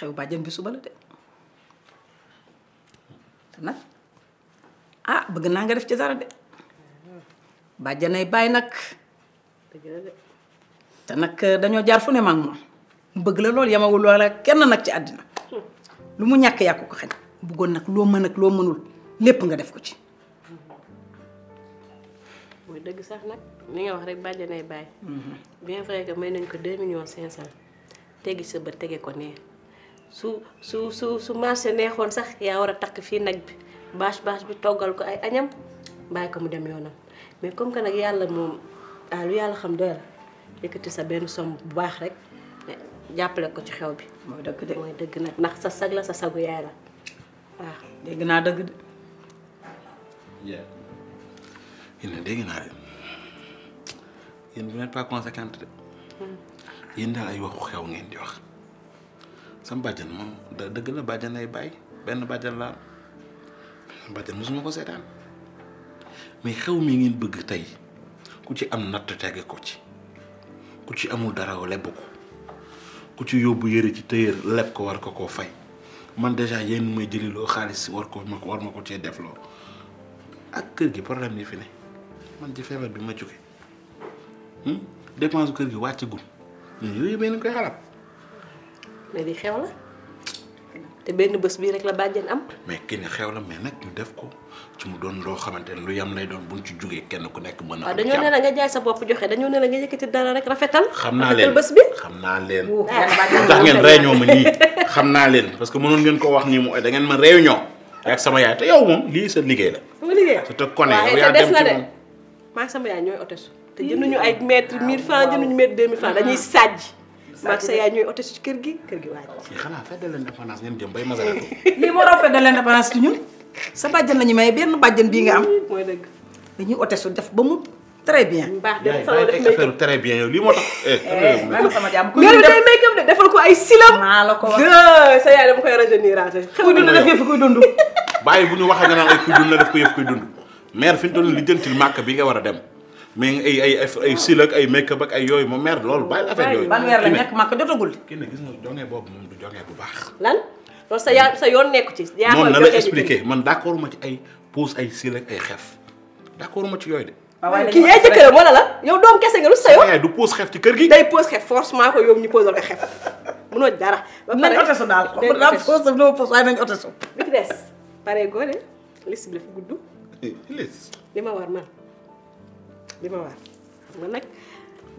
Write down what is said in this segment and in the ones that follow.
xew bàjjan bi suba la de te nag ah bëgg naa nga def ci dara de bàjjanay bàyyi nag te nag euh, dañoo jaar fu ne maag moom bëgg la loolu yamawul loola kenn nag ci àddina lu mu ñàkk yàqu ko xañ bëggoon nag loo mën ak loo mënul lépp nga def ko ci mooy dëgg sax nag mu nga wax rek bàjjanay bàyyi mhm. bien vrai que may nañ ko deux millions cinq cent tegi sa ba tege ko nee su su su su marché neexoon sax yaa war a takk fii nag bi bâche baas bi toggal ko ay añam bàyyi ko mu dem yoonam mais comme que nag yàlla moom ah lu yàlla xam doy la yëkkati sa benn somme bu baax rek eh, jàppale ko ci xew bi. mooy dëgg de mooy dëgg nag ndax sa sag la sa sagu yaay dégg naa dëgg de. yéen de pas conséquente de. Hmm. yéen daal ay waxu xew ngeen di wax. sama bàjjan moom dëgg la bàjjan lay bàyyi benn bàjjan laa bàjjan mosuma ko seetaan mais xew mi ngeen bëgg tey ku ci am natt tege ko ci ku ci amul dara lebb ko ku ci yóbbu yëre ci tëyër leb ko war ko koo fay man déjà yéen may jëliloo xaalis war ko ma war ma ko cee def loo ak kër gi problème yi fi ne man ci feebar bi ma jóge hmm? dépense kër gi wàccagul yooyu yëpp yéen koy xalaat mais li xew la te benn bés bii rek la bàjjen am. mais ki ne xew la mais nag ñu def ko ci mu doon loo xamante ne lu yam lay doon buñ ci jógee kenn ku nekk mën na. waaw ah, dañoo ne la nga jaay sa bopp joxe dañoo ne la nga yëkkati dara rek rafetal. xam naa leen bés bi xam naa leen. Ah, tax ngeen réunion ma nii xam naa leen parce que mënoon ngeen ko wax nii mu da ngeen ma réunion ak sama yaay te yow moom lii sa liggéey la. sama liggéey te te kone yow yaa dem ci moom maa sama yaay ñooy otesu te jënduñu ay mètre 1000 ah, francs jënduñu mètre 2000 francs dañuy sàjj maag sa yaay ñooy oto ci kër gi kër gi wàcc. fii xanaa fête de l'indépendance ngeen jëm bay Masareku. lii moo raw fête de l'indépendance ñun sa bàjjan la ñu may benn bàjjan bii nga am. mooy dëgg dañuy oto su def ba mu très bien. baax de sama def affaire très bien yow lii moo tax. ma eh, eh, sama jàmm ku ñu def day ko ay silam. maa la ko wax sa yaay dama koy ah, dund def yëf bu ñu waxee nga naan ay kuy dund na def ko yëf kuy dund mère fi ñu toll lijjantil màkk bi nga war a dem mais ay ay ay silak ay make up ak ay yooyu ma mer loolu bàyyi la affaire yooyu. ban weer la nekk makka moom du jonge bu baax. lan sa yaa sa yoon nekku ci. yaa noonu na la expliqué man d' accord ma ci ay pose ay silak ay xef d' accord ma ci yooyu de. Ah, waaw kii yaay jëkkëram wala la yow doom kese nga lu sa yoon. Eh, du pose xef ci kër gi. day pose xef force maa ko yow ñu posé ko xef mënoo dara. ba pare nañ daal xam nga pose am na pose waaye nañ otesu. bi ci des pare góore liste bi dafa gudd. Eh, liste li ma war man li ma war xam nga nag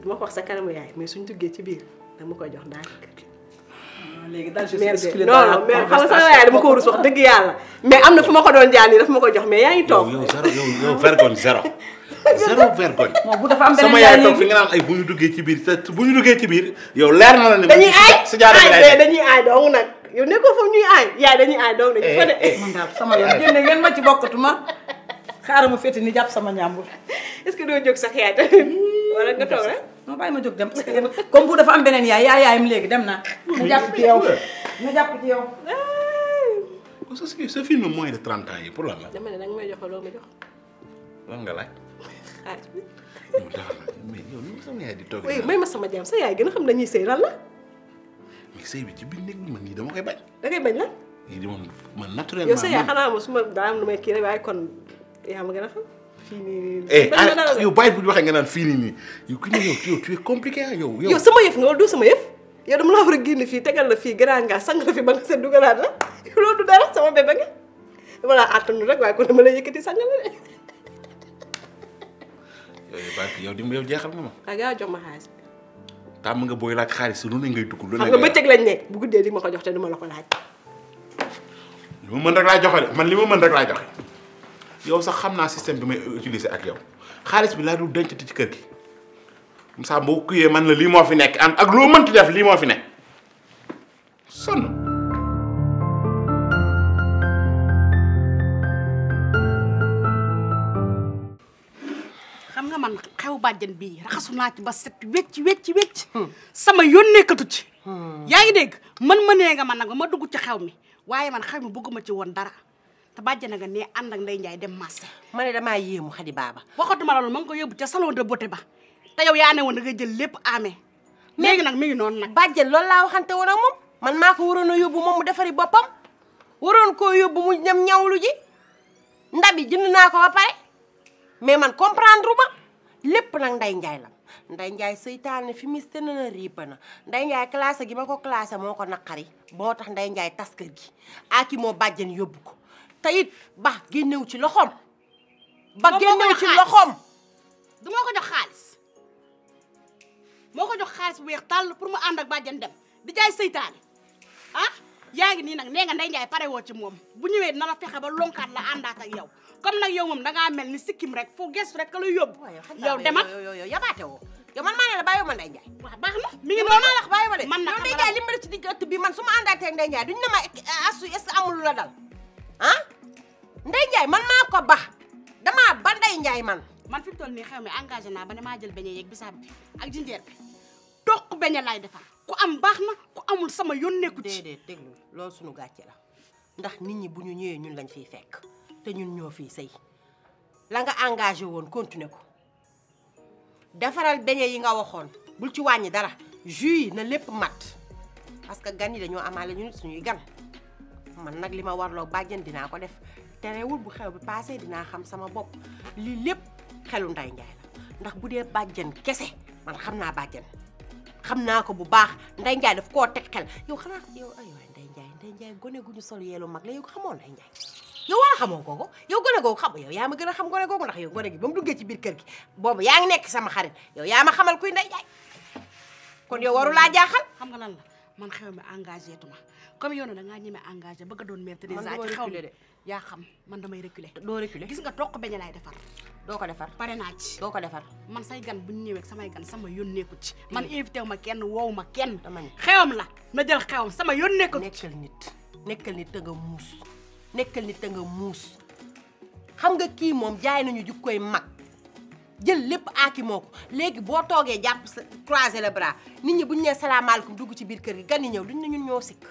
du ma ko wax sa kanamu yaay mais suñ duggee ci biir dama koy jox ndànk. Ah, léegi daal je suis exclue non non mais xam nga sama yaay dama ko warus wax dëgg yàlla mais am na fu ma ko doon jaan yi daf ma ko jox mais yaa ngi toog. yow zéro yow vergogne zéro. zéro vergogne. moom bu dafa am beneen sama yaay toog fi nga naan ay bu ñu duggee ci biir te bu ñu duggee ci biir yow leer na la ne. dañuy aay si jaaree bi aay dañuy aay dong nag yow nekkoo foofu ñuy aay yaay dañuy aay dong dañu eh, fa de. Eh, eh. man daal sama yoon génne ngeen ma ci bokkatuma xaaral ma féete ni jàpp sama ñàmbur. est-ce que doo jóg sax yaay tamit hmm. wala nga toog rek. non bàyyi ma jóg dem parce naa. na jàpp ci yow na jàpp ci yow. parce que ce de 30 ans yi pour lan la. dama jox loo ma jox. lan nga bi. yow dafa la mais ma sama sama jaam sa yaay gën xam dañuy sëy lan la. mais sëy bi ci biir néeg nii dama koy bañ. da ngay bañ lan. lii di sa yaay xanaa ma su ma daa am lu may kii rek waaye kon. a xam fii nii. eh ah, yow bàyyi bu ñu nga naan fii nii nii yow ku yow tu es compliqué ah yow. yow sama yëf nga la war a fii tegal la fii gënaa sang la fi ba nga seet dugalaat la loolu du dara sama bébé nga dama laa àttanu rek waaye kon dama lay yow di yow jeexal nga ma. ah gars jox ma xaalis. tàmm nga booy laaj xaalis lu ne ngay dugg. lu ne ngay xam nga bëccëg lañ ne bu guddee di ma ko jox te duma la ko laaj. li ma mën rek laa joxe man li ma mën rek laa joxe. yow sax xam naa système bi may utiliser ak yow xaalis bi laa dul dencati ci kër gi Moussa boo kuyee man la lii moo fi nekk am ak loo mënti def lii moo fi nekk sonn. xam nga man xew bàjjen bii raxasu naa ci ba set wecc wecc wecc sama yónneekatu ci hmm. yaa ngi dégg mën ma nee nga man nag ma dugg ci xew mi waaye man xew mi bugguma ci woon dara te bàjjana nga ne ànd ak Ndeye Ndiaye dem marché. ma ne damaa yéemu Xadi Baaba. waxatuma la loolu ma nga ko yóbbu ca salon de beauté ba te yow yaa ne woon da nga jël lépp amee. léegi nag mi ngi noon nag. bàjjen loolu laa waxante woon ak moom man maa ko waroon a yóbbu moom mu defari boppam waroon koo yóbbu mu dem ñawlu ji ndabi jënd naa ko ba pare mais man comprendre ma lépp nag Ndeye Ndiaye la Ndeye Ndiaye seytaane fi mis tënna na riipa na Ndeye Ndiaye classé gi ma ko classé moo ko naqari boo tax Ndeye Ndiaye tas kër gi aki moo yóbbu ko te it ba génnewu ci loxoom. ba génnewu ci loxoom. du moo ko jox xaalis moo ko jox xaalis bu weex tàll pour mu ànd ak bàjjen dem di jaay seytaane ah yaa ngi nii nag nee nga Ndeye pare woo ci moom bu ñëwee na la fexe ba lonkaat la àndaat ak yow comme nag yow moom dangaa mel ni sikkim rek foo gëstu rek ka lay yóbbu. yow demal yow yabaate woo yow man maa ne la bàyyi ma Ndeye Ndiaye. waaw baax na mi ngi noonu man nag yow Ndeye ci digg ëtt bi man su ma àndaatee ak Ndeye Ndiaye duñu ne eh, dal. ah Ndeye Ndiaye man maa ko bax damaa ba Ndeye Ndiaye man. man fi mu toll nii xew mi engagé naa ba ne maa jël beñe yeeg bisaab bi ak jinjeer bi toq beñe laay defar ku am baax na ku amul sama yoon nekku ci. déedéet loolu sunu gàcce la ndax nit ñi bu ñu ñëwee ñun lañ fiy fekk te ñun ñoo fiy sëy la nga engagé woon continué ko defaral beñe yi nga waxoon bul ci wàññi dara jus yi na lépp mat parce que gan yi dañoo amaale ñun suñuy gan. man nag li ma warloo bàjjen dinaa ko def tere terewul bu xew bi paasee dinaa xam sama bopp lii lépp xelu nday njaay la ndax bu dee bàjjen kese man xam naa bàjjen xam naa ko bu baax nday njaay daf koo teg kel yow xanaa yow ay waay nday njaay nday njaay gone gu ñu sol yeelu mag la yow xamoo nday njaay yow wala xamoo kooku yow gone googu xam yow yaa ma gën a xam gone googu ndax yow gone gi ba mu duggee ci biir kër gi boobu yaa ngi nekk sama xarit yow yaa ma xamal kuy nday njaay kon yow waru laa jaaxal xam nga lan la man xew mi engagé tuma comme yow da ngaa ñeme engagé bëgg doon maire Teresa ci xew mi yaa xam man damay reculer doo reculer gis nga toq beñe laay defar doo ko defar pare naa ci doo ko defar man say gan bu ñu ñëwee samay gan sama yoon ci man mm. invité wu ma kenn woowu ma kenn xewam la na jël xewam sama yónneeku ci nekkal nit nekkal nit te nga muus nekkal nit te nga muus xam nga kii moom jaay nañu jukkooy mag jël lépp aaki moo ko léegi boo toogee jàpp sa croiser les bras nit ñi bu ñu nee salaamaaleykum dugg ci biir kër gi gan yi ñëw duñ ne ñun ñoo sikk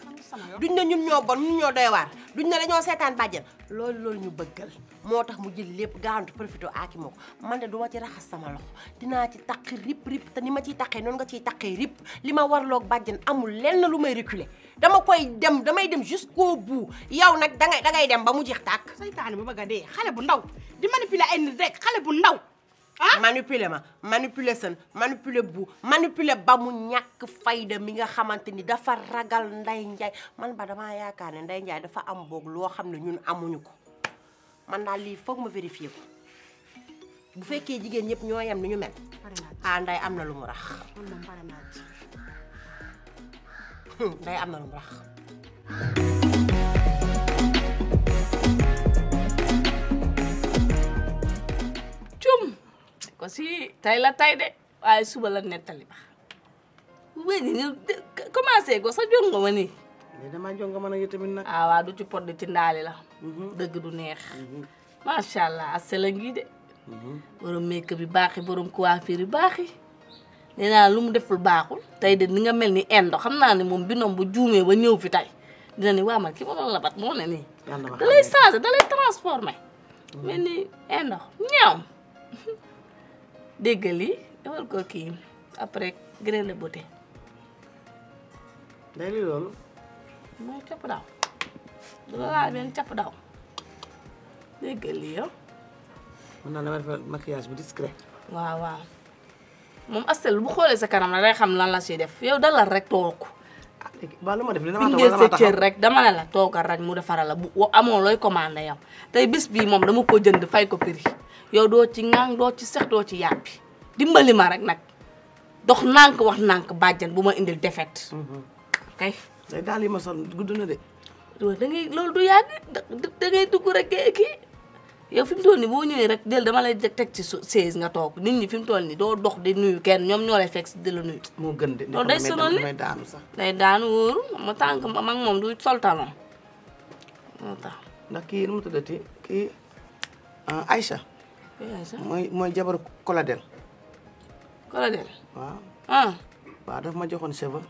duñ ne ñun ñoo bon ñun ñoo doy waar duñ ne dañoo seetaan bàjjen loolu loolu ñu bëggal moo tax mu jël lépp gaawantu profité aaki moo ko man de duma ma ci raxas sama loxo dinaa ci taq rip rip te ni ma ciy taqee noonu nga ciy taqee rip li ma warloog bàjjen amul lenn lu may reculer dama koy dem damay dem jusqu'au bout yow nag dangay dangay dem ba mu jeex tàkk saytaane ba bëgg a dee xale bu ndaw di manipuler ay nit rek xale bu ndaw manipule ma manipuler sën manipule bu manipule ba mu ñàkk fayda mi nga xamante ni dafa ragal Ndeye Ndiaye man ba damaa yaakaar ne Ndeye Ndiaye dafa am boog loo xam ne ñun amuñu ko man daal lii foog ma vérifier ko bu fekkee jigéen ñëpp ñoo yem ni ñu mel. ah Ndeye am na lu mu rax. Ndeye am na lu mu rax. ko si tey la tay de waaye suba ah, la nettali ba wéññi ñu commencé ko sa jongo ma nii. tamit nag. ah du ci pot di ci ndaali la. dëgg du neex. macha allah ase la ngi de. borom make bi baaxi borom coiffure yi baaxi. nee naa lu mu deful baaxul tey de ni nga mel ni endo xam naa ne moom binom bu juumee ba ñëw fi tey dina ni waa man ki ma labat moo ne nii. da lay changé da lay transformé. ni endo ñaaw. déggali dawal ko kii après grain de beauté. léegi loolu. mooy capp daw loolu laa benn capp daaw déggali yow. Ah. mën naa bu discret. xoolee sa kanam la day xam lan la siy def yow la rek toog. waaw ah, lu ma def li dama taxaw sa cër rek dama ne la toogal rek mu defaral la bu amoo looy commandé yow te bis bii moom dama ko jënd fay ko prix. yow doo ci ŋang doo ci sex doo ci yàppi dimbali ma rek nag dox nànk wax nànk bàjjan bu ma indil defet kay day daal yi ma sol gudd na de waaw da ngay loolu du yaa da ngay dugg rek boo ñëwee rek dama lay teg ci chaise nga toog nit ñi fi mu toll nii doo dox di nuyu kenn ñoom ñoo lay fekk si di la nuyu. moo gën de loolu day sonal li sax. day daanu wóoru tànk ma ak moom du sol talon moo tax. nu mu tuddati kii ah, Aïcha. mooy mooy jabar Colonel. Colonel. waaw ah. waaw daf ma joxoon cheveux.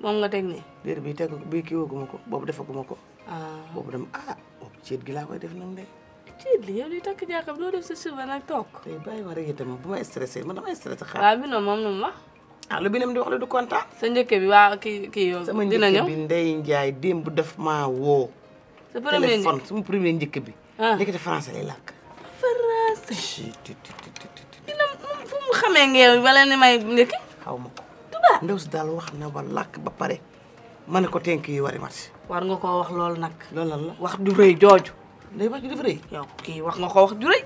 moom nga teg ne. déedéet bii teg bii kii waguma ko boobu defaguma ko. Ah. boobu dama ah def nag de. ceet li yow liy takk jàkkam doo def sa cheveux nag toog. tey bàyyi ma rek bu ma stressé man damay stressé xaalis. waaw bi noonu moom la mu wax. ah lu bi nam di wax la du kontaan. sa njëkk bi waa kii kii yow. dina ñëw sama njëkk bi Ndeye sa ah. premier njëkk téléphone sama premier te français lay français. dina fu mu xamee ngeen wala ni may nekk. xaw ma ko. tubaab ndaw si daal wax na ba làkk ba pare ma ne ko tenk yi wari mat. war nga koo wax loolu nag. loolu lan la wax du rëy jooju. day wax ju dafa rëy. yow kii wax nga ko wax ju rëy.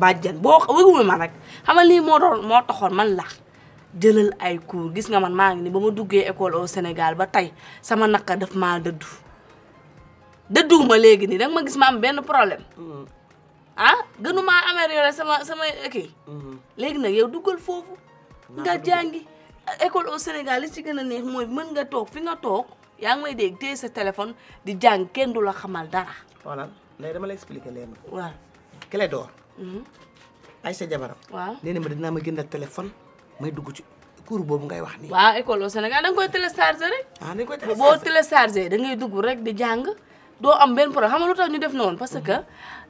bàjjan boo wëguma ma nag xam nga lii moo doon moo taxoon man la jëlal ay cours gis nga man maa ngi ni ba ma duggee école au Sénégal ba tey sama naqar daf maa dëddu dëdduwuma léegi nii danga ma gis ma am benn problème mm. ah gënumaa amélioré sama sama kii mhm. léegi nag yow duggal foofu nga jàngi école au Sénégal li ci gën a neex mooy mën nga toog fi nga toog yaa ngi may dégg téye sa téléphone di jàng kenn du la xamal dara voilà léegi dama la expliqué leen waaw Clé d'or mhm. ay sa jabaram waaw nee ma dinaa ma gëndal téléphone may dugg ci cours boobu ngay wax ni waa école au Sénégal da nga koy téléchargé rek ah dañ koy boo téléchargé da ngay dugg rek di jàng doo am benn problème xam nga lu tax ñu def noonu parce que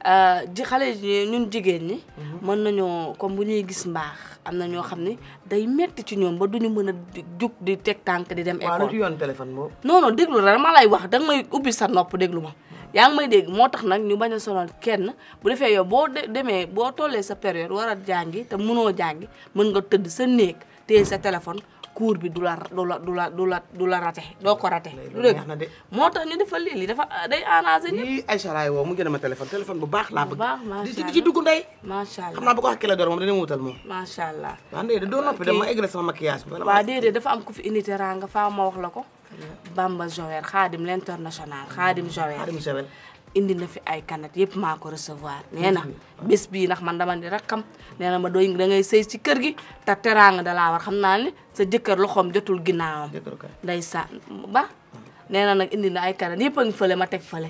euh, di xale ñun jigéen ñi. Mhm. mën nañoo comme bu ñuy gis mbaax am na ñoo xam ne day metti ci ñoom ba du ñu mën a jug di teg tànk di dem. école waaw yoon téléphone boobu. non non déglu la ma lay wax danga may ubbi sa nopp déglu ma yaa ngi may dégg moo tax nag ñu bañ a sonal kenn bu defee yow boo demee boo tollee sa période war a jàngi te mënoo jàngi mën nga tëdd sa néeg téye sa téléphone. cours bi du la du la du la du du la raté doo ko raté. du dégg moo tax ñu defal lii dafa day arrangé a yii Aïcha laay woo mu gën ma téléphone téléphone bu baax laa bëgg. di ci allah xam naa bu ko xàkkee la door moom dina ma wutal moom. macha allah. waaw ndey doo noppi dama egg sama maquillage bi. waaw déedéet dafa am ku fi unité ranga faa ma wax la ko. Bamba Jower Xaadim l'international Xaadim Jower. indi na fi ay canette yëpp maa ko recevoir nee na bés bii ndax man dama ni rakkam nee na ma doy da ngay sey ci kër gi te teraanga dalaa war xam naa ne sa jëkkër loxoom jotul ginnaawam nday sa ba nee na nag indi na ay canette yëpp a ngi ma teg fële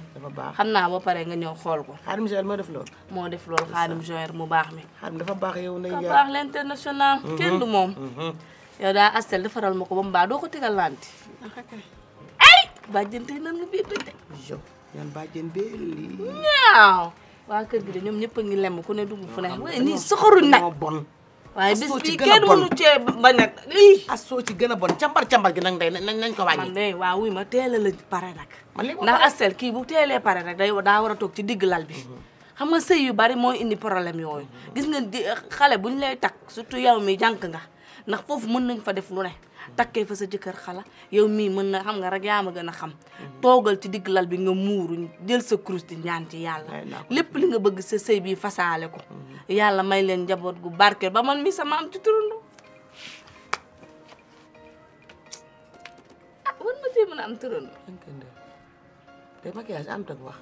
xam naa ba pare nga ñëw xool ko xaadim joer moo def loolu moo def loolu xaadim joer mu baax mi xaadim dafa baax yow na ka baax mhm. kenn du moom mhm. yow daa astel defaral ma ko ba mu baax doo ko tegal lanti ay bàjjante nan nga biir toj yan bàjjen bee lii. waa kër gi de ñoom ñëpp a ngi lem ku ne dugg fu ne waaye nii soxorul nag bon. waa bis bi kenn mënu cee bañ a lii. ci gën a bon càmbar càmbar gi nag ndey nañ ko wàññi. man de waaw ma teel la pare nag. na Astel kii bu teelee pare nag day daa war a toog ci digg lal bi. Mhm. xam nga sëy yu bari mooy indi problème yooyu. Mhm. gis nga di xale buñ lay takk surtout yow mi jànk nga ndax foofu mën nañ fa def lu ne. takke fa sa jëkkër xala yow mii mën na xam nga rek yaa ma gën a xam mhm. toogal ci digg lal bi nga muuru jël sa kurus di ñaan ci yàlla lépp li nga bëgg sa sëy bi fasaale ko mhm. yàlla may leen njaboot gu barke ba man mi sama am ci turundu ah wan ma see mën am tak wax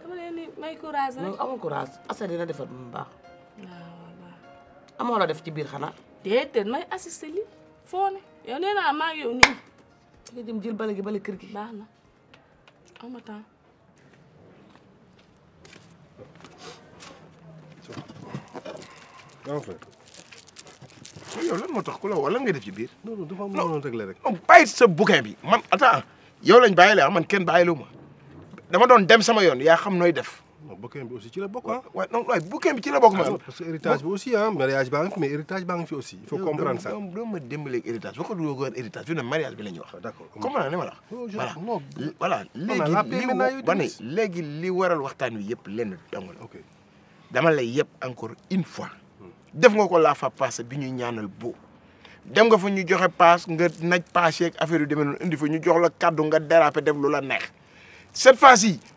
dama leen may courage rek amul courage asa dina defar bu mu ah, la def ci biir xanaa déedéet may assister foo ne yow nee naa maa ngi yow nii. nga jëm jël bale gi bale kër gi. baax na am na temps. grand frère yow lan moo tax ku la wala nga def ci biir. non non dafa am lu ma rek. non bàyyi sa bouquin bi man attends yow lañ bàyyi la ah, man kenn bàyyi lu ma dama doon dem sama yoon yaa xam nooy def. bouquin bi aussi ci la bokk ah. waaw non waaye bi ci la ah, ah, mariage baa ngi fi mais héritage baa ngi fi aussi. il faut mariage bi la ñu wax. Ah, d'accord comprendre ne ma oh, li ba ne léegi li waral waxtaan wi yëpp lenn dong la. ok dama lay yëpp encore une fois. Hmm. def nga ko la fa passé bi ñuy ñaanal bo dem nga fa ñu joxe paas nga naj paas yeeg affaire yu demee noonu indi fa ñu jox la kaddu nga déraper def lu la neex cette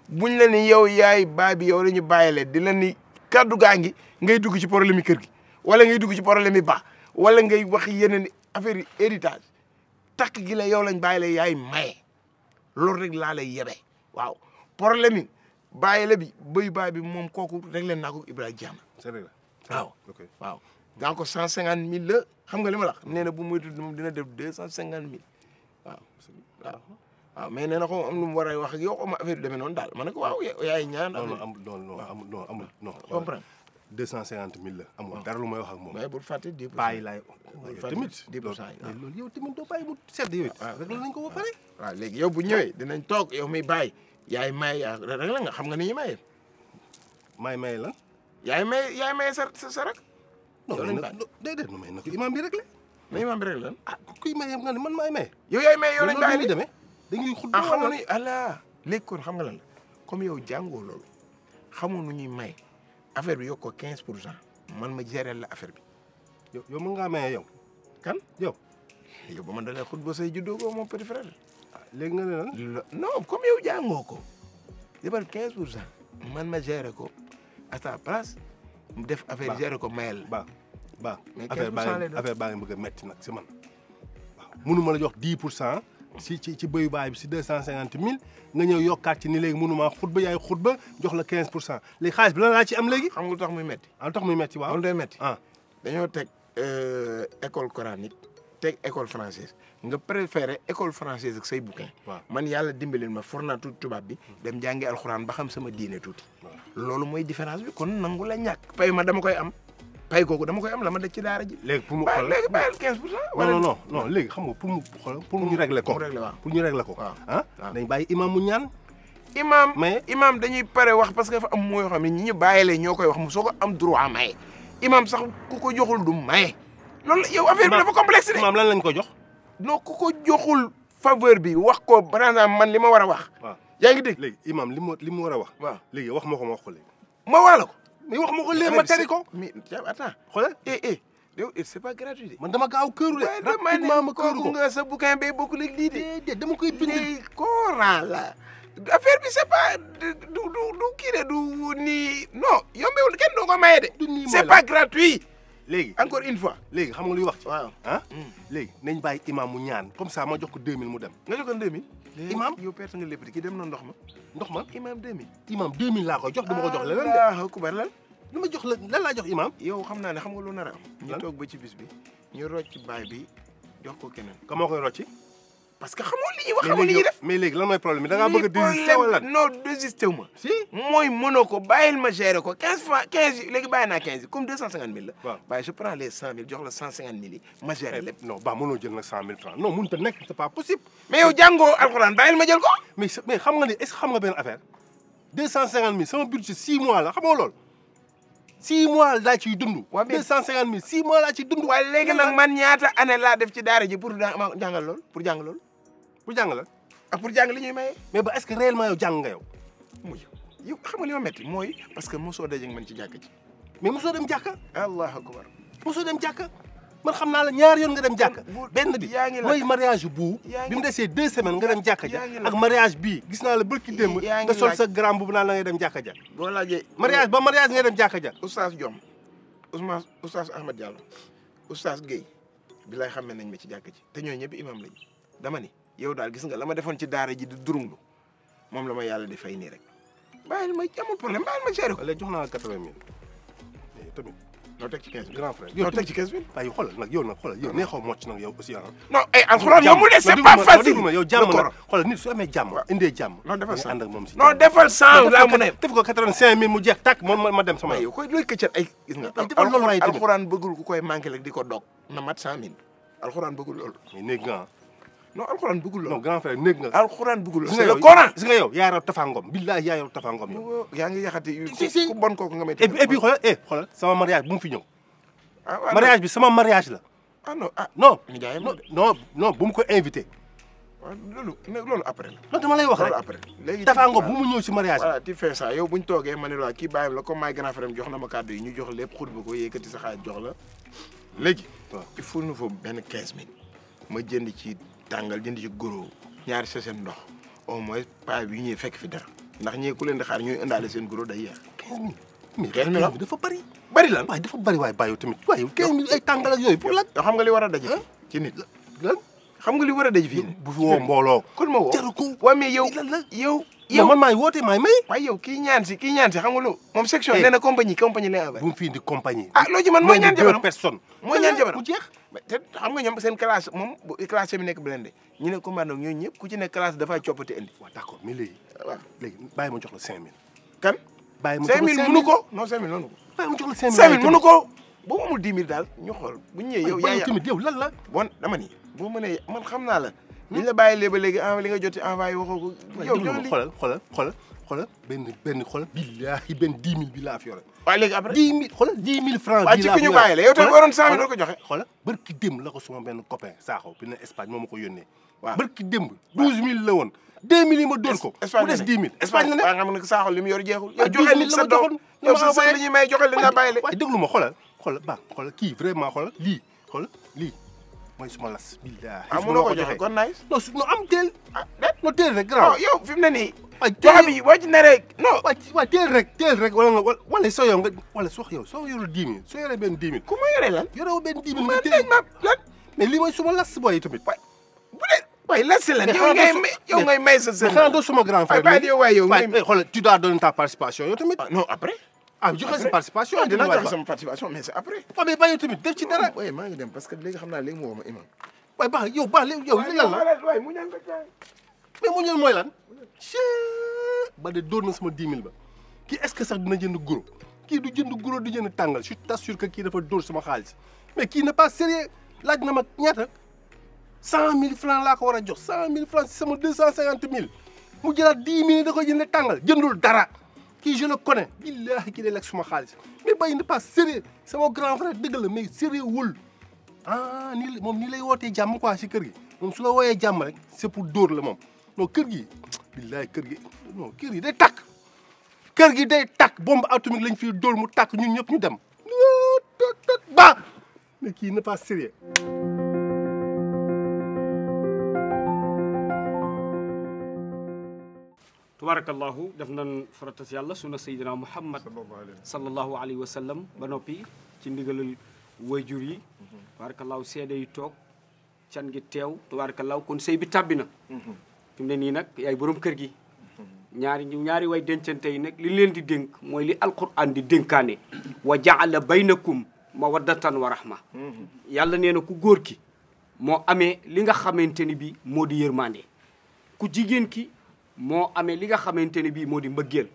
buñ la ni yow yaay baay bi yow la ñu bàyyile di la ni kaddu gaa ngi ngay dugg ci problème yi kër gi wala ngay dugg ci problème yi baax wala ngay wax yeneen affaire yi héritage takk gi la yow lañ bàyyile yaay maye loolu rek laa lay yebe waaw problème yi bàyyile bi bëy baay bi moom kooku rek leen naku ko Ibrahima Diama c'est vrai waaw waaw daa ko cent cinquante xam nga li ma nee na bu muy tudd dina def deux cent cinquante mille waaw waaw ah, mais nee na ko am lu mu war a wax ak yow ma affaire yu demee noonu daal ma ne ko waaw yaay ñaan. non non ah. amul non amul non amul non. comprendre deux cent cinquante mille la. amul ah. dara lu may wax ak moom. mais bul fàtte dix pour cent bàyyi laay. bul fàtte dix pour cent yi loolu yow tamit doo bàyyi mu sedd yow it. waaw réglé nañ ko ba pare. waaw léegi yow bu ñëwee dinañ toog yow mi bàyyi yaay may yaa la nga xam nga ni ñuy maye. may may lan. yaay may yaay may sa sa rak. non mais nag déedéet ma may nag imaam bi réglé. mais imaam bi réglé lan. ah kuy maye nga ne man maay maye. yow yaay may yow lañ bàyyi demee da ngeen xul wala ala léegi kon xam nga la comme yow jàngoo loolu xamoo nu ñuy may affaire bi yokk ko quinze pour cent man ma gérer la affaire bi. yow yow mën yow. kan yow. yow ba man da lay ba say juddoo ko mon petit frère. Ah, léegi nga ne lan. non yow jàngoo ko. yabal quinze pour cent man ma gérer ko à ta place. mu def affaire gérer ko mayel ba ba affaire baa ngi affaire baa ngi bëgg a métti nag si man. waaw mënu ma la jox di pour cent. si ci ci bëyu baay bi si deux cent cinquante mille nga ñëw yokkaat ci ni léegi mënuma xutba yaay xutba jox la quinze pour cent léegi xaalis bi lan ci am léegi. xam nga lu tax muy metti ah lu tax muy metti waaw lu tax muy metti ah dañoo teg euh, école coranique say bouquin. waaw man yàlla dimbalil ma fornaatu tubaab bi. dem jàngi alxuraan ba xam sama diine tuuti. ma dama koy am. pay googu dama koy am la ma daj daar daara ji. léegi pour mu xool léegi bàyyil 15 pour cent. wala non non ko. pour ñu régler ah, imam mu ñaan. imam mais imam dañuy pare wax parce que dafa am mooy yoo xam ne ñi ñu bàyyilee ñoo koy wax mu soog a am droit maye imam sax ku ko joxul du maye. loolu yow affaire bi dafa complexe de. imam lan lañ ko jox. non ku ko joxul faveur bi wax ko par exemple man li ma war a wax. waaw ngi dégg léegi imam li mu li mu war a wax. waaw léegi wax ma ko ma wax ko léegi. ma wax ko. mais wax ma ko léegi ma tari ko. mais attends xoolal eh eh. eh de. man dama gaaw këru de. rapidement ma këru ko nga sa bouquin bay dama koy bind. lii Coran bi c'est pas du du du kii de du nii non yombewul maye de. du gratuit. léegi encore une fois léegi xam nga luy wax ci. waaw ah. Hmm. léegi nañ mu ñaan comme ça ma jox ko 2000 mu dem. nga jox ko imam yow perte nga lépp de dem na ndox ma ndox ma imam 2000 imam 2000 laa ko jox du ma ko jox leneen de Allahu akbar lan lu laa jox imam yow xam naa ne xam nga lu nar am ñu toog ba ci bis bi ñu rocc baay bi jox ko keneen ka moo koy rocci parce que xamoo li ñuy wax lan mooy problème bi da ngaa bëgg a désister wala non ma si mooy mënoo ko bàyyil ma gérer ko quinze francs quinze yi léegi bàyyi naa quinze yi comme deux cent cinquante mille la waaw bàyyi je prends les cent mille jox la cent cinquante mille yi ma gérer eh, ba mënoo jël nag cent mille francs non mënut a nekk c'est pas possible mais yow jàngoo alxuraan bàyyil ma ko mais mais nga ne est-ce nga benn affaire deux cent cinquante mille six mois la xamoo loolu six mois laa ciy dund. waa man ñaata année laa def pour jàngal lool pour jàngal bu jàng la ak pour jàng la ñuy maye. mai ba est-ce que réellement yow jàng nga yow. muy yow xam mooy parce que mosoo dajeeg man ci jàkka ci mais mosoo dem jàkka. allahu akbar dem jàkka. man xam naa la ñaar yoon nga dem jàkka benn bi mooy mariage bu bi mu desee deux semaines nga dem jàkka ja ak mariage bi gis naa la bërki démb nga sol sa grand boobu naan la ngay dem jàkka ja boo laajee mariage ba mariage ngay dem jàkka ja oustaz Diom oustaz oustaz Ahmed Diallo oustaz Guèye bi lay xamee nañ ma ci jàkka ji te ñooñu ñëpp imam lañ dama ni yow daal gis nga la ma defoon ci daara ji di durumlu moom la ma yàlla di fay nii rek bàyyil ma amul problème bàyyil ma géré ko. léegi jox naa quatre-vingt mille eh, tamit. noo teg ci quinze mille grand frère. noo teg ci quinze mille. waaye xoolal nag yow nag xoolal yow ah. neexoo mocc nag yow aussi ah. non ay eh, alxuraan yow mu ne c'est pas facile. yow jàmm nag xoolal nit su amee jàmm. indee jàmm. non defal cent ànd ak moom si. non defal cent laa mu ne. def ko quatre-vingt-cinq mille mu jeex tàkk moom ma dem sama. yow koy looy këccal ay gis nga. alxuraan bëggul ku koy manqué rek di ko dog na mat cent mille alxuraan bëggul loolu. mais néeg nga ah. non alxuraan bëggul loolu. non grand frère néeg nga. alxuraan bëggul loolu c'est le Coran. gis nga yow yaa raw tafangom billahi yaa raw tafangom yow. yaa ngi yaxati ku bon kooku nga may. et eh, sama mariage bu mu fi ñëw. Ah, mariage bi sama mariage la. ah, ah. bu mu ko invité. waaw ah, loolu loolu après la. non lay wax rek loolu après léegi tafaango bu mu ñëw si mariage bi. yow bu ñu toogee ma ne la kii bàyyam la ko maay grand frère jox na ma kàddu yi ñu jox lépp xut bu ko yëkkati sa xaalis jox la léegi. waaw il faut ñu fa benn 15000 ma jënd ci tàngal jënd ci guro ñaari sa seen ndox au moins paa bi ñuy fekk fi dara ndax ñee ku leen di xaar ñuy indaale seen goro day yeex. 15000 mais 15000 dafa bari. bari lan waaye dafa bari waaye bàyyi tamit waaye 15000 ay tàngal ak yooyu pour lan. yoo xam nga li war a daje. ci nit lan. xam nga li war a daj fii bu fi woo mbooloo kon ma woo jaru ko waaw mais yow yow yow man maay woote maay may waaye yow kii ñaan si kii ñaan si xam nga lu moom section eh. nee na compagnie compagnie lay avay bu mu fi indi compagnie ah loo ji man mooy ñaan jabaram personne mooy ñaan eh, jabaram bu jeex te xam nga ñoom seen classe moom classe bi nekk blende ñu ne commande ak ñooñu ñëpp ku ci nekk classe dafay coppati indi waaw d'accord mais léegi ah, waaw léegi bàyyi ma jox la cinq mille kan bàyyi ma jox la cinq mille mënu ko non cinq mille mënu ko bàyyi ma jox la cinq mille mënu ko boo amul dix mille daal ñu xool bu ñu ñëwee yow yaa tamit yow lan la bon dama nii boo mënee man xam naa la. li hmm? ñu la bàyyi ba léegi en li nga joti envoyé waxoo ko. yow ñoo li xoolal xoolal xoolal xoolal benn benn xoolal. billaahi benn dix mille bi laa fi yore. waaye léegi après dix mille xoolal dix mille francs. bii laa fi yore waaw ci ku ñu bàyyi la yow tamit waroon cent mille ko joxe. xoolal barki démb la ko suma benn copain Sakho bi ne Espagne moo ma ko yónnee. waaw barki démb douze mille la woon. deux mille yi ma dóor ko. Espagne la ne mu des dix mille. Espagne la ne waaw xam nga Sakho li mu yor jeexul. yow joxe nit sa doom yow sa sa li ñuy may joxe li nga bàyyi la. waaye déglu ma xoolal xoolal baax xoolal kii vraiment xoolal lii xoolal lii mooy suma las. billahi ah ko joxe kon naay. non su non am teel. ah non teel rek grand. yow fi mu ne nii. ay teel bi boo ci rek non. waaw teel rek teel rek wala nga wala soo yow nga wala soo yow soo yorul dix mille soo yoree benn dix mille. ku ma yore lan. yoroo benn ma lan mais lii mooy las booy tamit. waay bu dee waay las la. yow ngay yow ngay may ah joxe sa participation dinaa joxe sama participation mais après. waaw ah, mais bàyyi tamit def ci dara. waaye maa dem parce que léegi xam naa léegi mu woo ma imam. waaye baax yow baax léegi yow li lan la waaye mu ñaan mais mu ñaan ba de dóor na sama 10 000 ba kii est-ce que sax dina jënd guro kii du jënd guro du jënd tàngal je t'assure que kii dafa dóor sama xaalis mais kii na pas sérieux laaj na ma ñaata cent mille francs laa ko war a jox cent mille francs sama deux cent cinquante mille mu jëlaat dix mille da koy jëndul dara. kii je le connais billaahi kii day lekk suma xaalis mais Baye n'est pas sérieux sama grand frère dëgg la mais sérieux wul ah nii moom nii lay wootee jàmm quoi si kër gi moom su la wooyee jàmm rek c'est pour dóor la moom non kër gi billaahi kër gi non kër gi day tàkk kër gi day tàkk bombe atomique lañ fiy dóor mu tàkk ñun ñëpp ñu dem tot tot ba mais kii n'est pas sérieux tabarakallahu def nan faratas yàlla sunna sayyidina muhammad sallallahu alayhi wa sallam ba noppi ci ndigalal wayjur yi mhm. tabarakallahu seede yi toog can gi teew tabarakallahu kon sey bi tàbbi na mhm. fi mu ne nii nag yaay borom kër gi mhm. ñaari ñaari way dencante yi nag li leen di dénk mooy li alquran di dénkaane wa jaala baynakum mawaddatan wa rahma yàlla nee na ku góor ki moo ame li nga xamante ni bi moo di ku jigéen moo amee li nga xamante ne bii moo di mbëggeel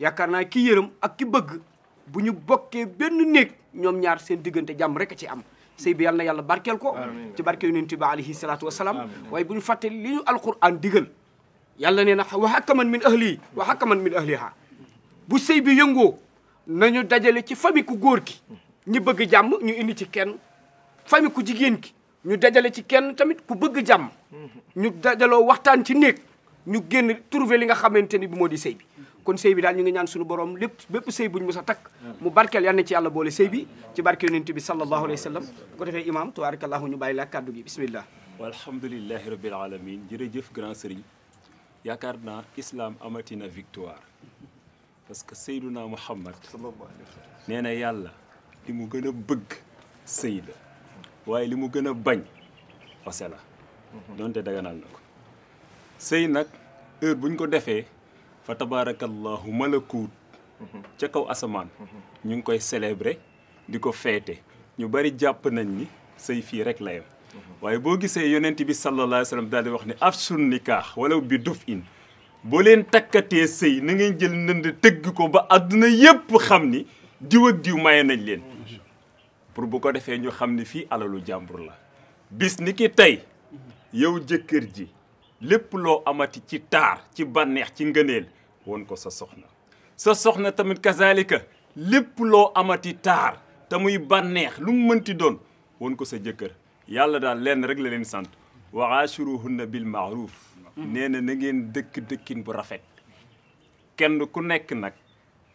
yaakaar naa ki yërëm ak ki bëgg bu ñu bokkee benn néeg ñoom ñaar seen diggante jàmm rek a ci am sey bi yal na yàlla barkeel ko ci barke yonent bi alayhi salaatu wasalaam waaye bu ñu fàtte li ñu alquran digal yàlla nee na wa hakaman min ahlihi wa hakaman min ahliha bu sey bi yëngoo nañu dajale ci famille ku góor ki ñi bëgg jàmm ñu indi ci kenn famille ku jigéen ki ñu dajale ci kenn tamit ku bëgg jàmm mm-hmm. ñu dajaloo waxtaan ci néeg ñu génn trouver li nga xamante ni bi moo di sëy bi kon sëy bi daal ñu ngi ñaan suñu borom lépp bépp sëy buñ mës a takk mu barkeel yal ci yàlla boole sëy bi ci barke yonent bi sallallahu alayhi wa sallam bu ko defee imam tabaarakallahu ñu bàyyi la kàddu gi bismillah walhamdulillahi rabbil alamin jërëjëf grand sëriñ yaakaar naa islam amatina victoire parce que Seyduna Muhammad nee na yàlla li mu gën a bëgg sëy la waaye li mu gën a bañ fase la donte daganal na ko sëy nag heure bu ñu ko defee fa tabaarakallahu malakuut ca kaw asamaan ñu ngi koy célébrer di ko feete ñu bari jàpp nañ ni sëy fii rek la yem waaye boo gisee yonent bi sallallahu alayhi wa daal di wax ne afsun nikaax walaw bi duf in boo leen takkatee sëy na ngeen jël ndënd tëgg ko ba àdduna yépp xam ni diw ak diw maye nañ leen pour bu ko defee ñu xam ni fii alalu jàmbur la bis ni ki tey yow jëkkër ji lépp loo amati ci taar ci bànneex ci ngëneel won ko sa soxna sa soxna tamit kazalika lépp loo amati taar te muy bànneex lu mu mënti doon won ko sa jëkkër yàlla daal lenn rek la leen sant wa ashiruhunna bil maaruf nee na ngeen dëkk dëkkin bu rafet kenn ku nekk nag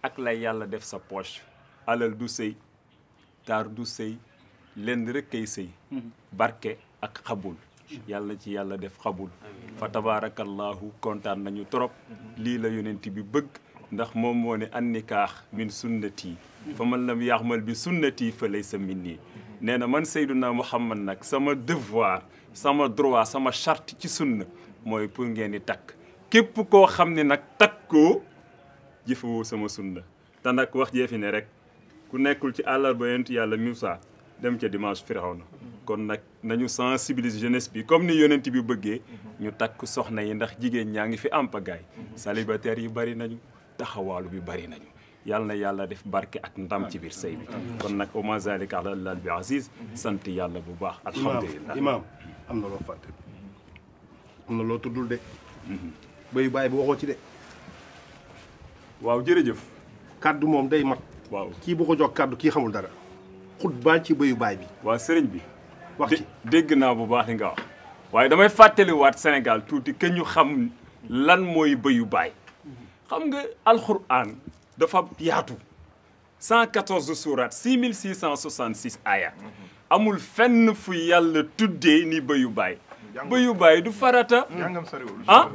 ak lay yàlla def sa poche alal du sëy taar du sëy lenn rek kay sëy mm-hmm. barke ak xabul yàlla ci yàlla def xabul fa tabaarakallaahu kontaan nañu trop lii la yonent bi bëgg ndax moom moo ne annikaax min sunnati fa man lam yaxmal bi sunnati fa laysa minni nee na man Seydina Muhammad nag sama devoir sama droit sama charte ci sunna mooy pour ngeen di takk képp koo xam ni nag takkoo jëfewoo sama sunna te nag wax jee ne rek ku nekkul ci àllarba yonent yàlla Muusaa dem ca dimanche Firawna kon nag nañu sensibiliser jeunesse bi comme ni yonent bi bëggee ñu takk soxna yi ndax jigéen ñaa ngi fi am pagaay célibataire yi bari nañu taxawaalu bi bari nañu yàlla na yàlla def barke ak ndam ci biir sëy bi kon nag wa ma zalika bi aziz sant yàlla bu baax alhamdulilah imaam am na loo fàtte am na loo tuddul de bay bàyyi bi waxoo ci de waaw jërëjëf kàddu moom day mat waaw kii bu ko jox kàddu kii xamul dara xut baal ci yu baay bi waa sëriñ bi wax dégg naa bu baax li nga wax waaye damay fàttaliwaat Sénégal tuuti ke ñu xam lan mooy bëyu baay xam nga alxuraan dafa yaatu 114 suuraat 6666 aya mhm. amul fenn fu yàlla tuddee ni bëyu baay yu baay du farata ah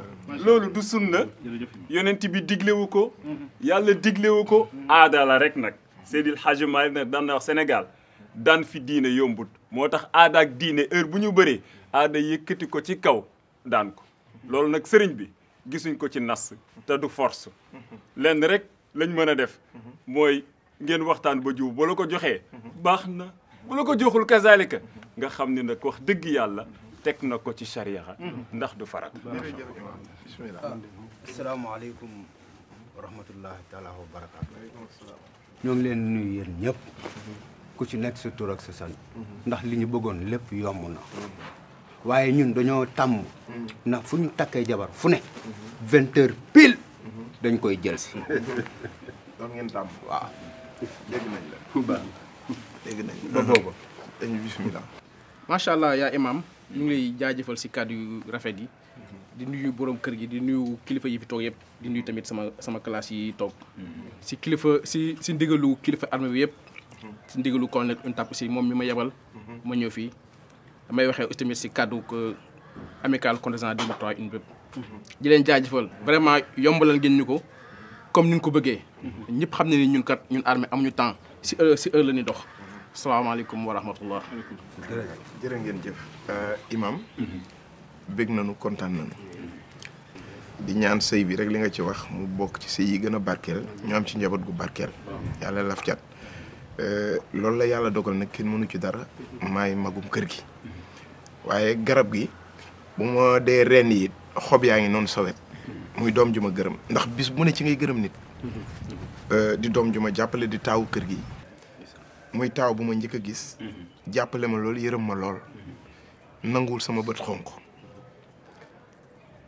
loolu du sunna yonent bi diglewu ko mhm. yàlla diglewu ko mhm. aada rek nag Seydil Hadji Malick nag daan na wax Sénégal daan fi diine yombut moo tax aada ak diine heure bu ñu bëree aada yëkkati ko ci kaw daan ko loolu nag sëriñ bi gisuñ ko ci nas te du force lenn rek lañ mën a def mooy ngeen waxtaan ba jiw ba la ko joxee baax na bu la ko joxul kazalika nga xam ne nag wax dëgg yàlla teg na ko ci sariya ndax du farat bismillah asalaamaaleykum wa rahmatullahi taala ñoo ngi leen nuyu yéen ñëpp ku ci nekk sa tur ak sa sant mm-hmm. ndax li ñu bëggoon lépp yomb na mm-hmm. waaye ñun dañoo tàmm mm-hmm. ndax fu ñu takkee jabar fu ne vingt heures dañ koy jël si doon ngeen tàmm waaw dégg nañ la baax macha allah yaa imam ñu ngi lay jaajëfal si kàddu yu rafet yi di nuyu borom kër gi di nuyu kilifa yi fi toog yëpp di nuyu tamit sama sama classe yi toog mm-hmm. si kilifa si si ndigalu kilifa armée bi yëpp mm-hmm. si ndigalu colonel Untap si moom mi ma yebal mm-hmm. ma ñëw fii damay waxee aussi tamit si kàddu amical condescendant du jaajëfal vraiment yombalal ngeen ñu ko comme ni ñu ko bëggee ñëpp xam ne ni ñun kat ñun armée amuñu temps si heure si heure la ñuy dox salaamaaleykum wa rahmatullah jërë ngeen jëf euh, imam na nu kontaan nañu di ñaan sëy bi rek li nga ci wax mu bokk ci sëy yi gën a barkeel ñoom ci njaboot gu barkeel yàlla laf cat euh, loolu la yàlla dogal nag kenn mënu ci dara maay magum kër gi waaye garab gi bu ma dee reen yi xob yaa ngi noonu sawet muy doom ju ma gërëm ndax bis bu ne ci ngay gërëm nit euh, di doom ju ma jàppale di taawu kër gi muy taaw bu ma njëkk a gis jàppale ma lool yërëm ma lool nanguwul sama bët xonq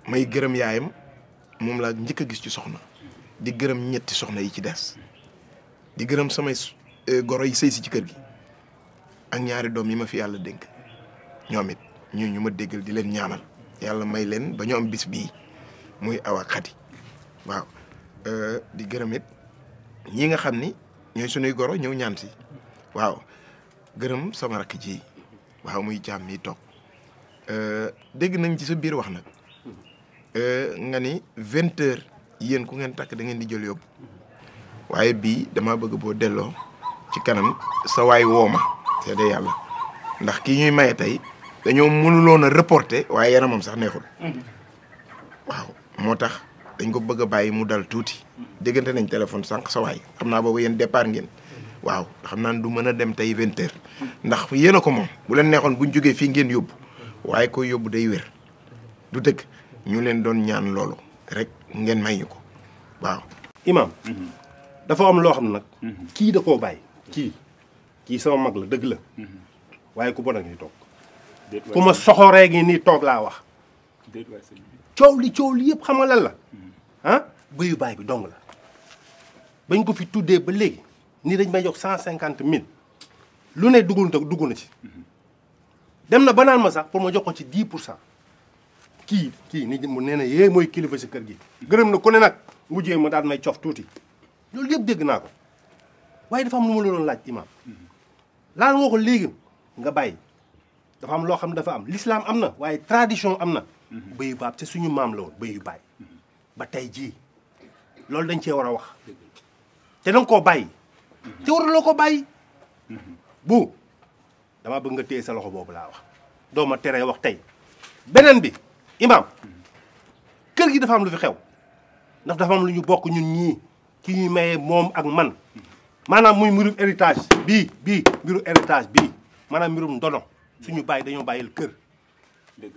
may gërëm yaayam moom laa njëkk a gis ci soxna di gërëm ñetti soxna yi ci des di gërëm samay euh, goro yi sëy si ci kër gi ak ñaari doom yi ma fi yàlla dénk ñoom it ñu ñu ma déggal di leen ñaanal yàlla may leen ba ñu am bis bii muy awa xati waaw euh, di gërëm ñi nga xam ni ñooy sunuy goro ñëw ñaan si waaw gërëm sama rakk ji waaw muy jàmm mi toog euh, dégg nañ ci sa biir wax nag Euh, nga ni vingt yéen ku ngeen takk da ngeen di jël yóbbu waaye bii damaa bëgg boo delloo ci kanam sa waay wooma seede yàlla ndax kii ñuy maye tey dañoo mënuloon a reporter waaye moom sax neexul waaw moo tax dañ ko bëgg a bàyyi mu dal tuuti déggante nañ téléphone sànq sa waay xam naa boobu yéen départ ngeen waaw xam naa du mën a dem tey vingt ndax yéen ko moom bu leen neexoon buñ jógee fii ngeen yóbbu waaye koy yóbbu day wér du dëgg ñu leen doon ñaan loolu rek ngeen may ñu ko waaw. imaam. Mhm. dafa am loo xam ne nag. Mhm. kii da koo bàyyi. kii kii sama mag la dëgg la. Mhm. waaye ku bon a ngi toog. ku ma soxoree ngi nii toog laa wax. coow li coow li yëpp xam nga lan la. ah bëyu baay bi dong la. bañ ko fi tuddee ba léegi nii dañ may jox cent cinquante mille lu ne duggul te dugg na ci. dem na ba naan ma sax pour ma jox ko ci dix pour cent. kii kii ni mu nee na yee mooy kilifa si kër gi gërëm na ku ne nag mujjee ma daal may cof tuuti loolu yëpp dégg naa ko waaye dafa am lu ma la doon laaj imaam laal nga ko léegi nga bàyyi dafa am loo xam dafa am l'islam am na waaye tradition am na bëyu baab te suñu maam la woon bëyu baay ba tey jii loolu dañ cee war a wax te danga koo bàyyi te waruloo ko bàyyi bu dama bëgg nga téye sa loxo boobu laa wax doo ma teree wax tey beneen bi imaam kër gi dafa am lu fi xew ndax dafa lu ñu bokk ñun ñii ki ñuy maye moom ak man maanaam muy mbirum héritage bii bii mbiru héritage bii maanaam mbirum ndono suñu bàyyi dañoo bàyyil kër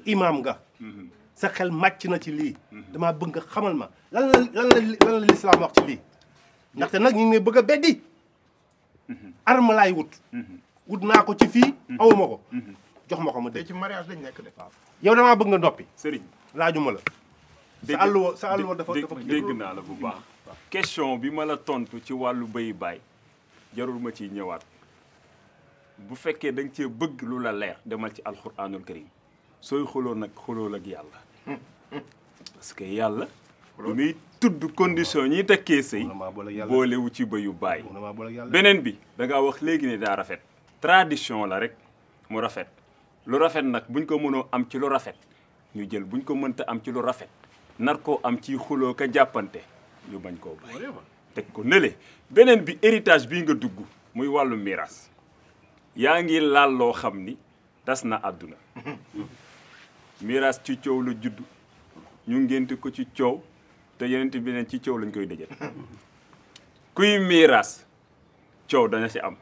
imaam nga sa xel màcc na ci lii dama bëgg nga xamal ma lan la lan la lislaam wax ci lii ndaxte nag ñu ne bëgg a beddi mhm. arme laay wut mhm. wut naa ko ci fii mhm. awuma ko jox ma ko ma dégg. ci mariage lañ nekk de. yow damaa bëgg nga noppi. sëriñ laajuma la. sa àlluwa sa àlluwa dafa dafa dégg naa la bu baax. question bi ma la tontu ci wàllu yu baay jarul ma ñëwaat bu fekkee da cee bëgg lu la leer demal ci alxuraanul karim sooy xuloo nag xuloo ak yàlla. parce que yàlla. muy tudd condition ñi tekkee sëy boolewu ci yu baay. beneen bi da wax léegi ne daa rafet. tradition la rek mu rafet. lu rafet nag buñ ko mënoo am ci lu rafet ñu jël buñ ko mënta am ci lu rafet nar koo am ci xuloo ka jàppante ñu bañ koo bàyyi teg ko nële beneen bi héritage bii nga dugg muy wàllu miraas yaa ngi laal loo xam ni tas na àdduna miraas ci coow lu judd ñu ngénte ko ci coow te yeneen bi neen ci coow lañ koy dëjal kuy miraas coow dana ci am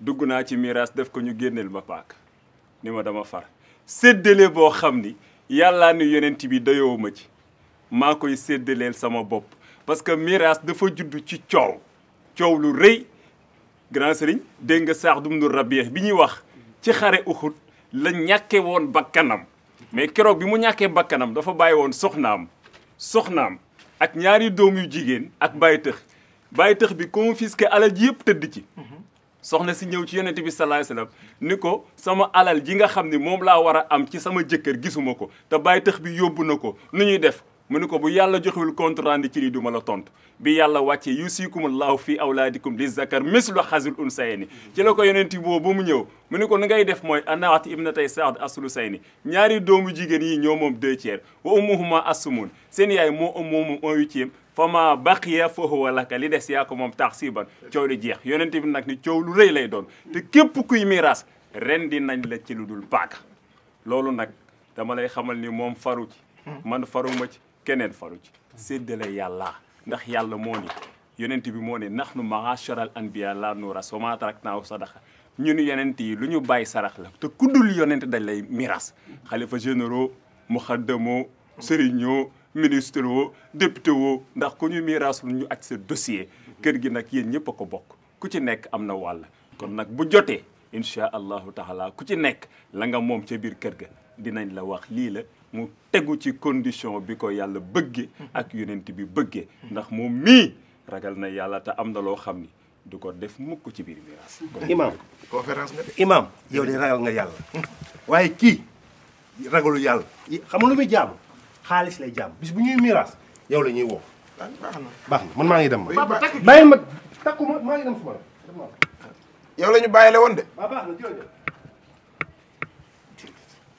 dugg naa ci miraas def ko ñu génneel ma paak ni ma dama far séddale boo xam ni yàllaa ni yonent bi dayoo ma ci maa koy séddaleel sama bopp parce que miraas dafa juddu ci coow coow lu rëy grand sëriñ dégg nga saax dum nu rabiyeex bi ñuy wax ci xare Uhud la ñàkke woon bakkanam mais keroog bi mu ñàkkee bakkanam dafa bàyyi woon soxnaam soxnaam ak ñaari doom yu jigéen ak bàyyi tëx bàyyi tëx bi confisqué alal ji yëpp tëdd ci mhm. soxna si ñëw ci yonent bi salaay salaam ni ko sama alal ji nga xam ni moom laa war a am ci sama jëkkër gisuma ko te bàyyi tax bi yóbbu na ko nu ñuy def mu ni ko bu yàlla joxewul compte rendu ci lii du ma la tontu bi yàlla wàcce yusikumullahu fi awlaadikum li zakar mislu xasil unsayni ci la ko yonent boobu mu ñëw mu ni ko ni ngay def mooy anaati ibnatay saad asulu sayni ñaari doomu jigéen yi ñoo moom deux tiers wa ummuhuma asumun seen yaay moo moom un huitième fa ma baqiya fa huwa laka li des yaa ko moom tax siiban coow li jeex yonent bi nag ni coow lu rëy lay doon te képp kuy miiras rendi nañ la ci lu dul paaka loolu nag dama lay xamal ni moom faru ci man faruma ci keneen faru ci séddale yàlla ndax yàlla moo ni yonent bi moo ne nax nu maasharal anbiya la nuuras wa naaw taraknaahu ñu nu yonent yi lu ñu bàyyi sarax la te kuddul yonent dañ lay miiras xalifa généraux muxaddamoo sëriñoo ministre woo député woo ndax ku ñu miiras lu ñu aj sa dossier kër gi nag yéen ñëpp a ko bokk ku ci nekk am na wàll kon nag bu jotee incha allahu taala ku ci nekk la nga moom ca biir kër ga dinañ la wax lii la mu tegu ci condition bi ko yàlla bëggee ak yonent bi bëggee ndax moom mii ragal na yàlla te am na loo xam ni du ko def mukk ci biir miraas imaam conférence nga def yow de ragal nga yàlla waaye kii ragalu yàlla xam lu muy jaamu xaalis lay jàmm bis bu ñuy miraas yow lañuy ñuy ah, baax na man maa ngi dem. papa takk bàyyi ma takku ma maa ngi dem suma la woon de. waaw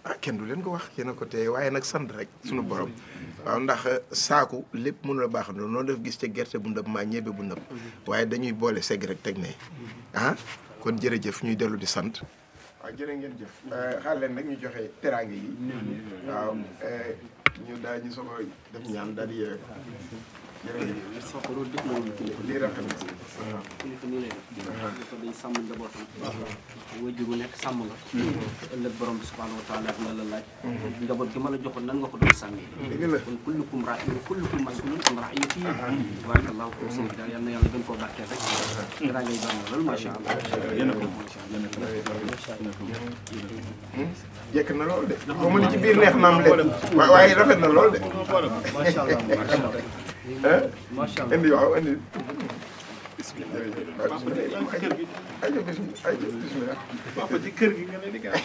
ah, ah, kenn du leen ko wax yéen a ko téye waaye nag sant rek sunu boroom waaw ndax euh, saaku lépp mënu la baax noonu def gis ca gerte bu ndëb maa ñebe bu ndëb. waaye dañuy boole segg rek teg ne ah kon jërëjëf ñuy dellu di sant. waaw jërë ngeen jëf euh, xaar leen nag ñu joxe teraanga yi. Mm-hmm. Euh, ñu daal ñu soog a def ñaan daal di yeewee lii rafet na si. kilifa nii lay def. kilifa day sàmm njabootam. wajur bu nekk sàmm nga. ëllëg borom bi subhaanahu wa taala dina la laaj. njaboot gi ma la joxoon nan nga ko doon sàmmee. dëgg la kon kullukum raa'in kullukum mas'uulun an ra'iyyatihi. tabaarakallaahu ko sëñ bi daal yal na yàlla gën koo barkeel rek. dara ngay bari na lool macha allah. yéen a ko macha allah. jekk na lool de. ba mu ne ci biir neex maam de waaye rafet na lool de. macha allah macha allah. macha allah indi waaw indi. bisimilah bisimilah. papa ci kër gi nga ne liggéey.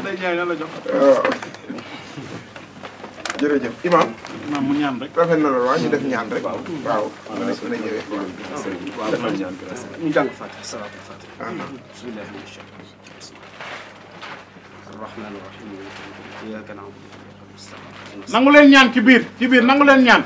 Ndeye Ndiaye nan la jox. waaw. jërëjëf Imaam. Imaam mu ñaan rek. rafet na lool waaw ñu def ñaan rek. waaw waaw mën na mën na ñëwee. waaw waaw ñaan grâce ñu jàng Fatiha salaatul Fatiha. bisimilah. rahmaani rahiim. iyyaka na'budu nangu leen ñaan ci biir ci biir nangu leen ñaan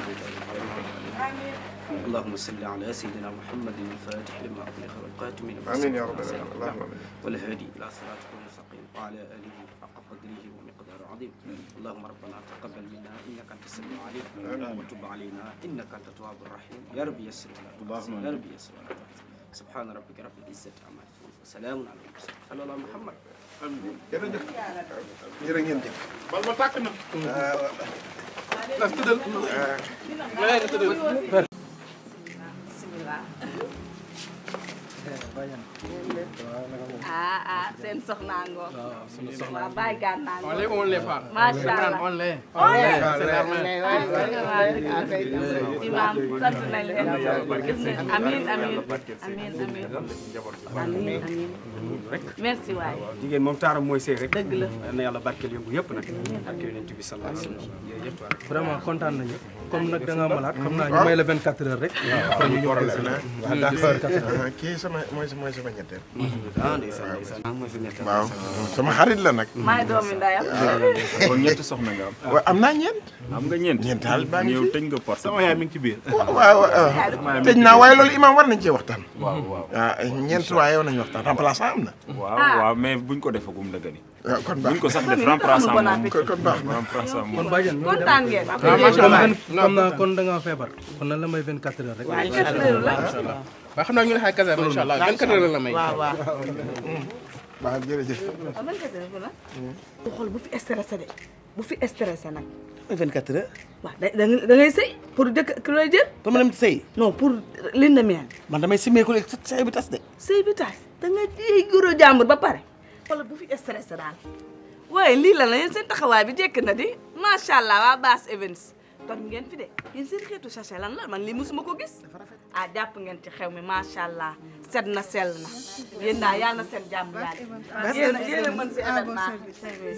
اللهم صل على سيدنا محمد الفاتح لما أغلق والخاتم لما آمين يا رب العالمين والهادي إلى صراطك المستقيم وعلى آله حق قدره ومقدار عظيم اللهم ربنا تقبل منا إنك أنت السميع العليم وتب علينا إنك أنت التواب الرحيم يا رب يسر ولا يا رب يسر ولا سبحان ربك رب العزة عما يصفون وسلام على المرسلين صلى الله محمد jërëjëf jërë ngeen jëf. bal ah ah seen soxnaa ngoog. waaw ah, sunu soxnaa waaw bàyyi gànnaaw. on les on les pas. macha imaam sant nañ leen amiin amiin amiin amiin amiin merci waay jigéen moom taaram mooy sëy rek dëgg la na yàlla barkeel yëngu yëpp nag ak yonent bi sallallahu alayhi wa sallam jërëjëf vraiment kontaan nañu comme nag da nga malaat xam naa ñu ah. may la 24 heures rek ah, ñu ñu ah, d'accord kii sama mooy mooy sama ñetteel ah ndeysaan waaw sama xarit la nag maay doomi ndayam kon ñetti soxna nga am am naa ñeent am nga ñeent daal baa ngi fi tëj nga porte sama yaay mi ngi ci biir waaw waaw tëj naa waaye loolu imaam war nañ cee waxtaan waaw ah, am na waaw ah. waaw buñ ko defagum la ah, gën kon buñ ko sax def remplaçant moom kon baax remplaçant moom kon bàjjen kontaan ngeen xam feebar kon nan la may 24 heures rek waaw 24 heures la waaw xam naa ñu la xaar caserne incha allah 24 la may waaw waaw waaw jërëjëf mm. xool bu fi stressé mooy 24 heures. waaw da da ngay sëy pour dëkk ku lay jël. pour ma dem sëy. non pour liñ la mel. man damay simee ko léegi sëy bi tas de. sey bi tas da nga ji góoro jàmbur ba pare. wala bu fi stressé daal. waaye lii la la yéen taxawaay bi jekk na di macha allah waa Bass toj ngeen fi de yéen seen xeetu sachet lan la li lii mosuma ko gis ah jàpp ngeen ci xew mi macha allah set na sell na yéen daal yal na seen jàmm daal yéen a yéen a mën si événement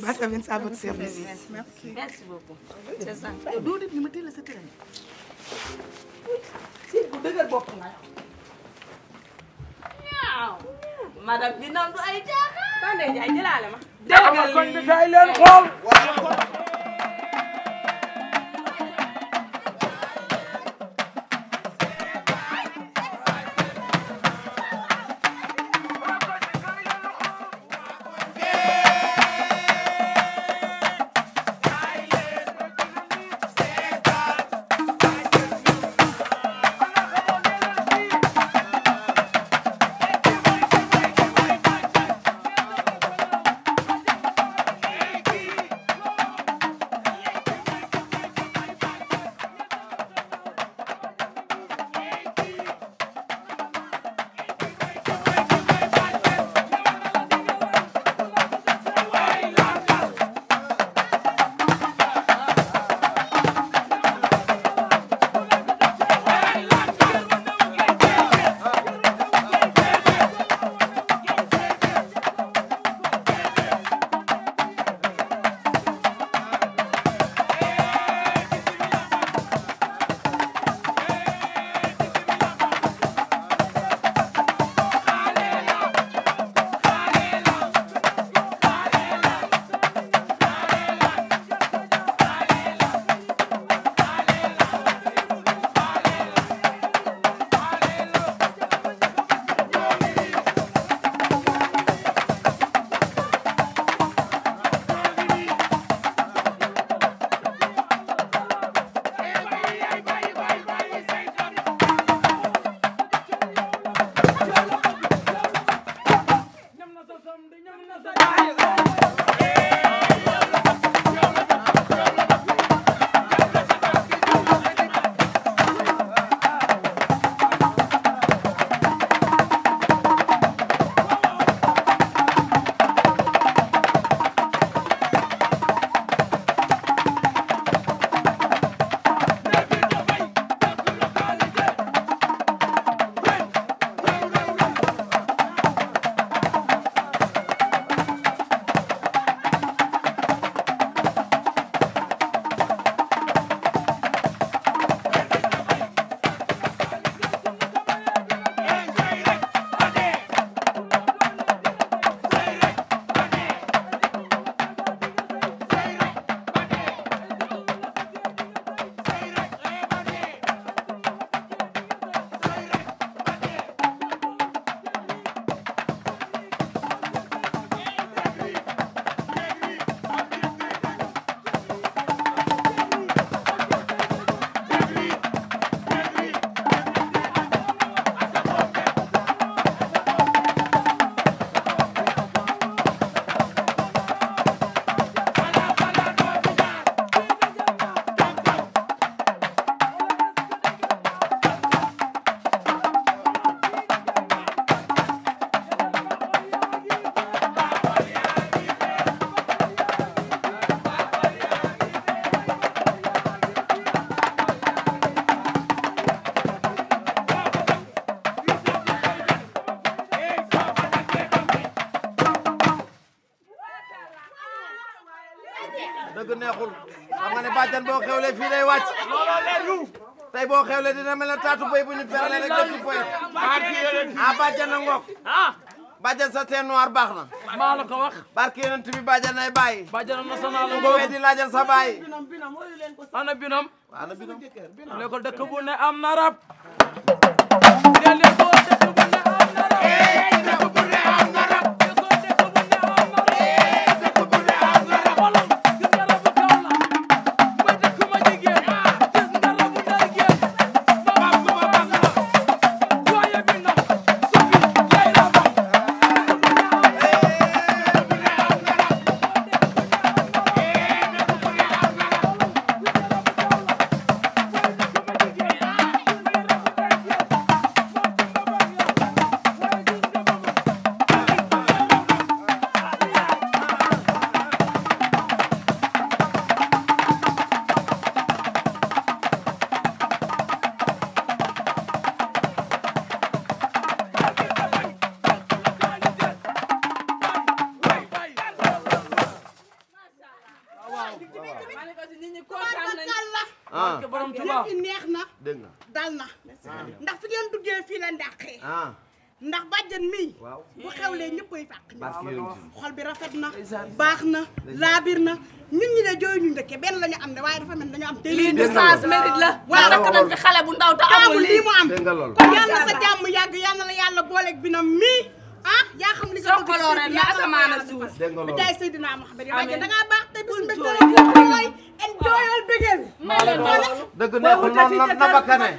Bass Events à votre service merci beaucoup c'est ça doo def ni ma teel a sa tëram si bu baax na. maa la ko wax. barke yonent bi bàjjan nay bàyyi. bàjjan national la boobu di laajal sa bàyyi. ana binam. ana binam. léegi dëkk bu ne am na rab. bu xewlee ñëppay fàq ñu xol bi rafet na baax na laabir na ñun ñi de jooy ñu ndëkke benn la ñu am de waaye dafa mel dañu am te lii du sans mérite la waaw rakk nañ fi xale bu ndaw te amul lii mu am kon yàlla sa jàmm yàgg yàlla la yàlla booleeg bi na mii ah yaa xam li nga bëgg a na asamaan a suuf bi jaay Seydina Mouhamed yow da ngaa baax te bis mbégte la looy en jooyal bégeel dëgg neexul noonu na bakkane